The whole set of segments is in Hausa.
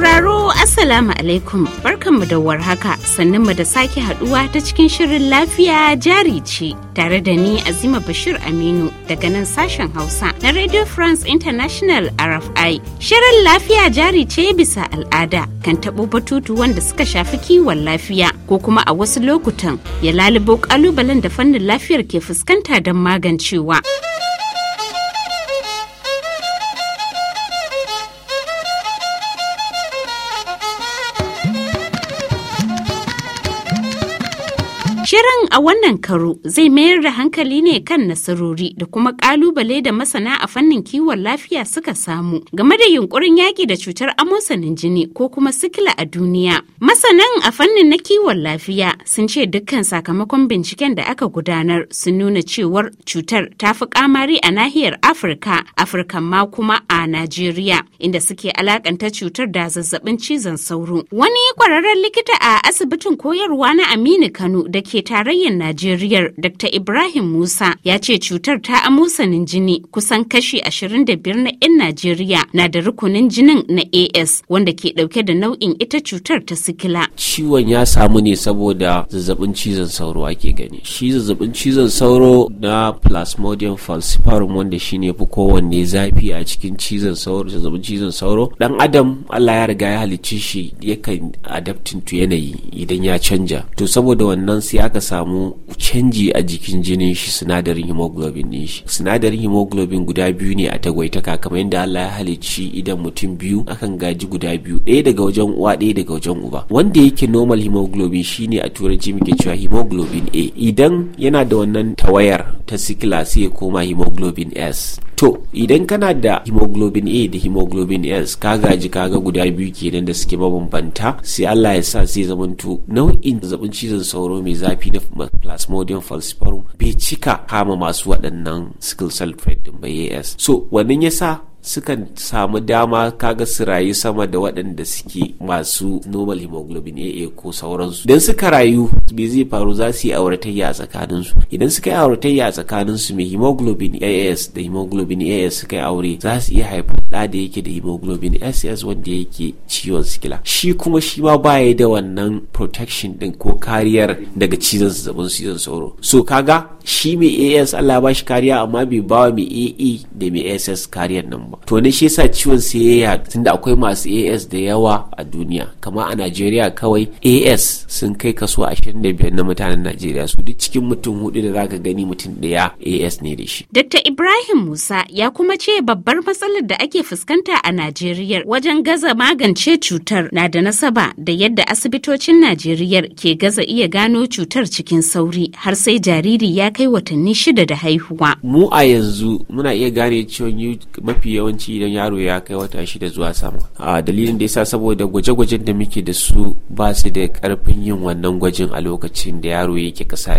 sauraro Assalamu alaikum barkan mu da warhaka sannan mu da sake haduwa ta cikin shirin lafiya jari ce tare da ni Azima Bashir Aminu daga nan sashen Hausa na Radio France International RFI. Shirin lafiya jari ce bisa al'ada kan taɓo batutu wanda suka shafi kiwon lafiya ko kuma a wasu lokutan ya lalubo kalubalen da fannin lafiyar ke fuskanta don magancewa. Shirin a wannan karo zai mayar da hankali ne kan nasarori da kuma kalubale da masana a fannin kiwon lafiya suka samu game da yunkurin yaƙi da cutar amosanin jini ko kuma sikila a duniya. Masanan a fannin na kiwon lafiya sun ce dukkan sakamakon binciken da aka gudanar sun nuna cewar cutar ta fi kamari a nahiyar Afirka, Afirka ma kuma a Najeriya, inda suke alakanta cutar da zazzabin cizon sauro. Wani kwararren likita a asibitin koyarwa na Aminu Kano da ke tarayyar Najeriya Dr. Ibrahim Musa ya ce cutar ta amusanin jini kusan kashi 25 na 'yan Najeriya na da rukunin jinin na AS wanda ke dauke da nau'in ita cutar ta sikila. Ciwon ya samu ne saboda zazzabin cizon sauro ake gani. Shi zazzabin cizon sauro na Plasmodium falciparum wanda shine fi kowanne zafi a cikin cizon sauro zazzabin cizon sauro. Dan Adam Allah ya riga ya halicci shi yakan adaptin to yanayi idan ya canja. To saboda wannan sai aka samu canji a jikin jinin shi sinadarin hemoglobin din shi sinadarin hemoglobin guda biyu ne a tagwaitaka kamar yadda Allah ya halicci idan mutum biyu akan gaji guda biyu ɗaya daga wajen uwa ɗaya daga wajen uba wanda yake normal hemoglobin shine a turanci muke cewa hemoglobin A idan yana da wannan tawayar ta sikila sai ya koma hemoglobin s to idan kana da hemoglobin a da hemoglobin s ka gaji ka ga guda biyu kenan da suke mabambanta sai allah ya sa sai zamanto nau'in zazzabin cizon sauro mai zafi na plasmodium falciparum bai cika kama masu waɗannan sickle cell trait din ba as so wannan yasa sukan samu dama kaga su rayu sama da waɗanda suke masu normal hemoglobin AA ko sauransu idan suka rayu me zai faru za su yi auratayya a tsakaninsu idan suka yi auratayya a tsakaninsu mai hemoglobin AS da hemoglobin AS suka yi aure za su iya haifar da da yake da hemoglobin SS wanda yake ciwon sikila shi kuma shi ma baya da wannan protection din ko kariyar daga cizon zazzabin cizon sauro so kaga shi mai AS Allah ba shi kariya amma bai bawa mai AA da mai SS kariyar nan ba to ne shi yasa ciwon sai ya yaɗu tunda akwai masu as da yawa a duniya kama a najeriya kawai as sun kai kaso 25 na mutanen najeriya su duk cikin mutum hudu da zaka gani mutum ɗaya as ne da shi dr ibrahim musa ya kuma ce babbar matsalar da ake fuskanta a najeriya wajen gaza magance cutar na da nasaba da yadda asibitocin najeriya ke gaza iya gano cutar cikin sauri har sai jariri ya kai watanni shida da haihuwa mu a yanzu muna iya gane ciwon mafi yawanci idan yaro ya kai wata shida zuwa sama a dalilin da yasa saboda gwaje-gwajen da muke da su ba su da karfin yin wannan gwajin a lokacin da yaro yake kasa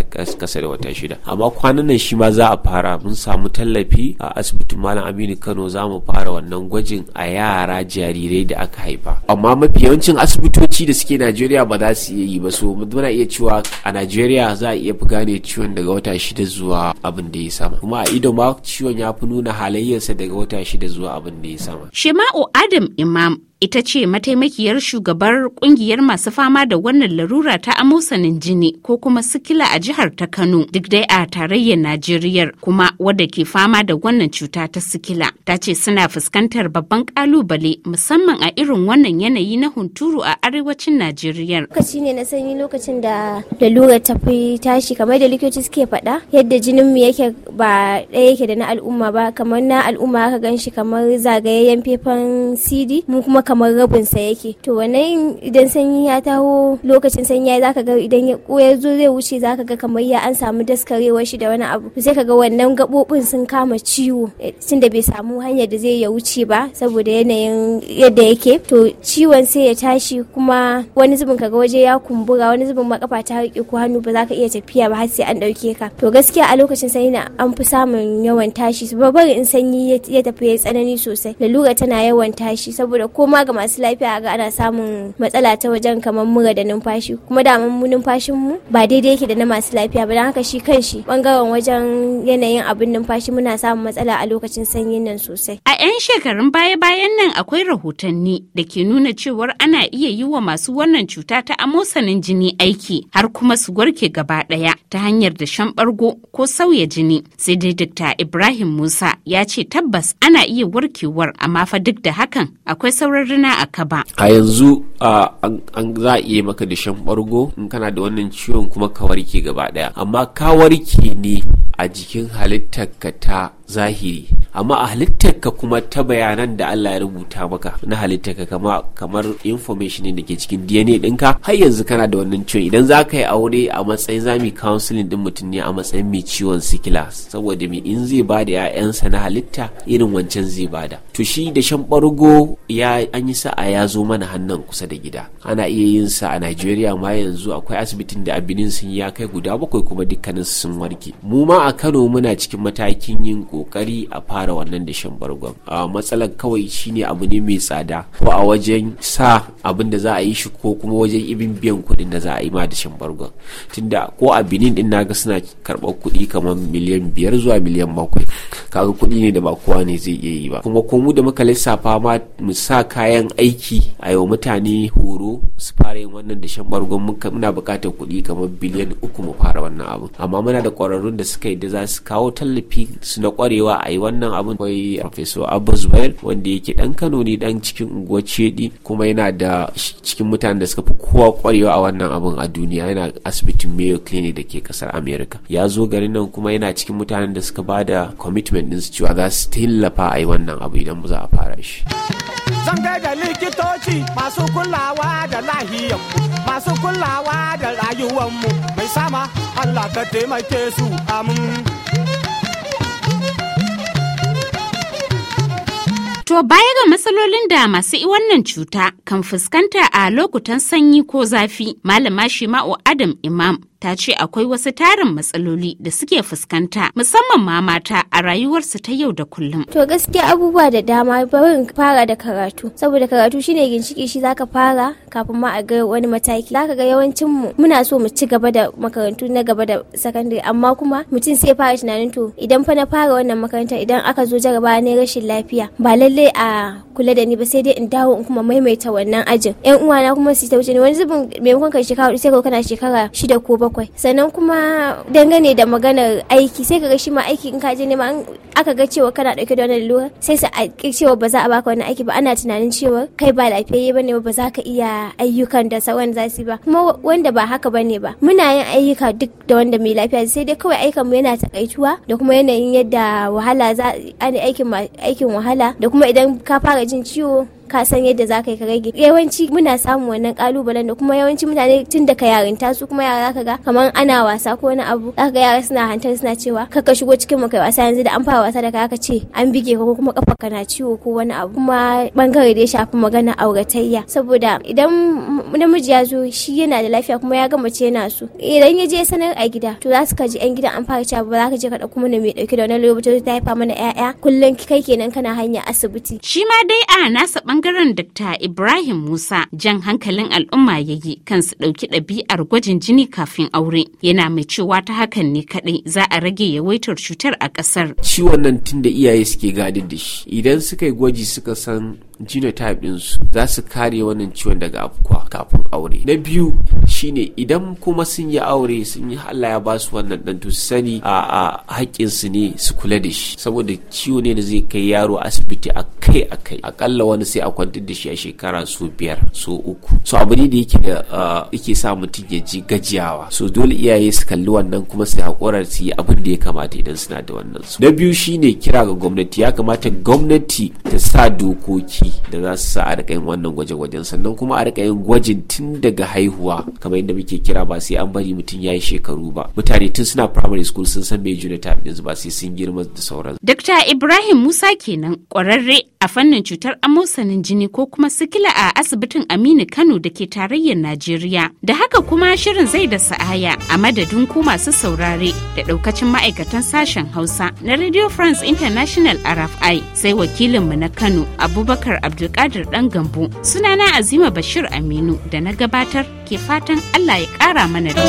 da wata shida amma kwanan nan shi ma za a fara mun samu tallafi a asibitin malam aminu kano za mu fara wannan gwajin a yara jarirai da aka haifa amma mafi yawancin asibitoci da suke najeriya ba za su iya yi ba so muna iya cewa a najeriya za a iya fi gane ciwon daga wata shida zuwa abin da ya sama kuma a ido ma ciwon ya fi nuna halayyarsa daga wata shida zuwa abin da ya sama. Shema'u Adam Imam ita ce mataimakiyar shugabar kungiyar masu fama da wannan larura ta amosanin jini ko kuma sikila a jihar ta kano duk dai a tarayyar najeriya kuma wadda ke fama da wannan cuta ta sikila ta ce suna fuskantar babban kalubale musamman a irin wannan yanayi na hunturu a arewacin najeriya lokaci ne na sanyi lokacin da lalura ta fi tashi kamar da likitoci suke faɗa yadda jinin mu yake ba ɗaya yake da na al'umma ba kamar na al'umma aka gan shi kamar zagayayyen fefan cd mu kuma kamar rabin sa yake to wannan idan sanyi ya taho lokacin sanyi ya zaka ga idan ya koya zo zai wuce zaka ga kamar ya an samu daskarewar shi da wani abu sai kaga wannan gabobin sun kama ciwo eh, tunda bai samu hanyar da zai ya wuce ba saboda yanayin yadda yake to ciwon sai ya tashi kuma wani zubin kaga waje ya kumbura wani zubin makafa ta riƙe ko hannu ba za ka iya tafiya ba har sai an dauke ka to gaskiya a lokacin sanyi na an fi samun yawan tashi babar in sanyi ya tafi ya tsanani sosai lalura tana yawan tashi saboda ko ma ga masu lafiya ga ana samun matsala ta wajen kamar mura da numfashi kuma da mu numfashin mu ba daidai yake da na masu lafiya ba don haka shi kanshi bangaren wajen yanayin abin numfashi muna samun matsala a lokacin sanyin nan sosai. A 'yan shekarun baya-bayan nan akwai rahotanni da ke nuna cewar ana iya yi wa masu wannan cuta ta amosanin jini aiki har kuma su warke gaba daya ta hanyar da shan bargo ko sauya jini. Sai dai Dr. Ibrahim Musa ya ce tabbas ana iya warkewar amma fa duk da hakan akwai sauran rina a kaba. A yanzu an za a iya maka dashen ɓargo in kana da wannan ciwon kuma ka warke gaba ɗaya. Amma ka warke ne a jikin halittar ka ta zahiri amma a halittar ka kuma ta bayanan da Allah ya rubuta maka na halittarka kama kamar information da ke cikin DNA ɗinka har yanzu kana da wannan ciwon idan za ka yi aure a matsayin zami counseling din mutum ne a matsayin mai ciwon sikila saboda mai in zai ba da 'ya'yansa na halitta irin wancan zai bada to shi da shan ɓargo ya an yi sa'a ya zo mana hannun kusa da gida ana iya yin sa a Najeriya ma yanzu akwai asibitin da abinin sun ya kai guda bakwai kuma dukkanin sun warke mu ma a Kano muna cikin matakin yin kokari a fara fara wannan dashen bargon a matsalan kawai shine abu ne mai tsada ko a wajen sa abin da za a yi shi ko kuma wajen ibin biyan kuɗin da za a yi ma dashen bargon tunda ko a benin din naga suna karɓar kuɗi kamar miliyan biyar zuwa miliyan bakwai kaga kuɗi ne da ba kowa ne zai iya yi ba kuma ko mu da muka lissafa ma mu sa kayan aiki a yau mutane horo su fara yin wannan dashen bargon muna buƙatar kuɗi kamar biliyan uku mu fara wannan abu amma muna da ƙwararrun da suka yi da za su kawo tallafi su na ƙwarewa a yi wannan wannan abun akwai professor abba zubair wanda yake dan kano ne dan cikin unguwar cedi kuma yana da cikin mutanen da suka fi kowa kwarewa a wannan abun a duniya yana asibitin mayo clinic da ke kasar america ya zo garin nan kuma yana cikin mutanen da suka ba da commitment din su cewa za su tallafa a yi wannan abu idan mu za a fara shi zan da likitoci masu kulawa da lahiyar masu kulawa da rayuwar mu mai sama allah ka taimake su amin To baya ga matsalolin da masu wannan cuta kan fuskanta a lokutan sanyi ko zafi, malama Shima'u Adam Imam ta ce akwai wasu tarin matsaloli da suke fuskanta musamman ma mata a rayuwarsu ta yau da kullum. To gaskiya abubuwa da dama bari fara da karatu saboda karatu shine ginshiki shi zaka fara kafin ma a ga wani mataki. Zaka ga yawancin mu muna so mu ci gaba da makarantu na gaba da sakandare amma kuma mutum sai fara tunanin to idan fa na fara wannan makaranta idan aka zo jarabawa ne rashin lafiya ba lallai a kula da ni ba sai dai in dawo in kuma maimaita wannan ajin yan uwana kuma su ta wuce ni wani zubin maimakon kai shekara sai ka kana shekara shida ko bakwai sannan kuma dangane da maganar aiki sai ga shi ma aiki in ka je ma aka ga cewa kana dauke da wannan lura sai su cewa ba za a baka wannan aiki ba ana tunanin cewa kai ba lafiyayye ba ne ba za ka iya ayyukan da sauran za su ba kuma wanda ba haka ba ne ba muna yin ayyuka duk da wanda mai lafiya sai dai kawai aikan mu yana takaituwa da kuma yanayin yadda wahala za a aikin aikin wahala da kuma idan ka fara 我今去哦。ka san yadda za ka yi ka rage yawanci muna samun wannan kalubalen da kuma yawanci mutane tun ka yarinta su kuma yara ka ga kamar ana wasa ko wani abu za ka ga yara suna hantar suna cewa ka ka shigo cikin mu wasa yanzu da an fara wasa da ka ka ce an bige ka ko kuma kafa na ciwo ko wani abu kuma bangare da ya shafi magana auratayya saboda idan namiji ya zo shi yana da lafiya kuma ya gama mace yana so idan ya je sanar a gida to za su ka ji yan gidan an fara cewa ba za ka je ka mana mai ɗauki da wani lokaci ta haifa mana 'ya'ya kullum kai kenan kana hanya asibiti shi ma dai a nasa bangaren Dr. Ibrahim Musa jan hankalin al'umma ya yi kan su ɗauki ɗabi'ar gwajin jini kafin aure. Yana mai cewa ta hakan ne kaɗai za a rage yawaitar cutar a ƙasar. Ciwon nan tun da iyaye suke gadin da shi. Idan suka yi gwaji suka san genotype dinsu za su kare wannan ciwon daga abubuwa kafin aure na biyu shine idan kuma sun yi aure sun yi Allah ya ba su wannan dan to sani a a haƙƙin su ne su kula da shi saboda ciwo ne da zai kai yaro asibiti a kai a kai akalla wani sai a kwantar da shi a shekara su biyar su uku so abu ne da yake da yake sa mutum ya ji gajiyawa so dole iyaye su kalli wannan kuma su haƙura su yi abin da ya kamata idan suna da wannan su. na biyu shine kira ga gwamnati ya kamata gwamnati ta sa dokoki da za su sa a rika yin wannan gwaje-gwajen sannan kuma a rika yin gwajin tun daga haihuwa kamar yadda muke kira ba sai an bari mutum ya yi shekaru ba mutane tun suna primary school sun san mai juna tafi ɗinsu ba sai sun girma da sauran. Dr. Ibrahim Musa kenan ƙwararre a fannin cutar amosanin jini ko kuma sikila a asibitin Aminu Kano da ke tarayyar Najeriya. Da haka kuma shirin zai da sa'aya a madadin ku masu saurare da ɗaukacin ma'aikatan sashen Hausa na Radio France International RFI sai wakilinmu na Kano Abubakar Abdulkadir Dan Gambo. Sunana Azima Bashir Aminu da na gabatar ke fatan Allah ya kara mana da.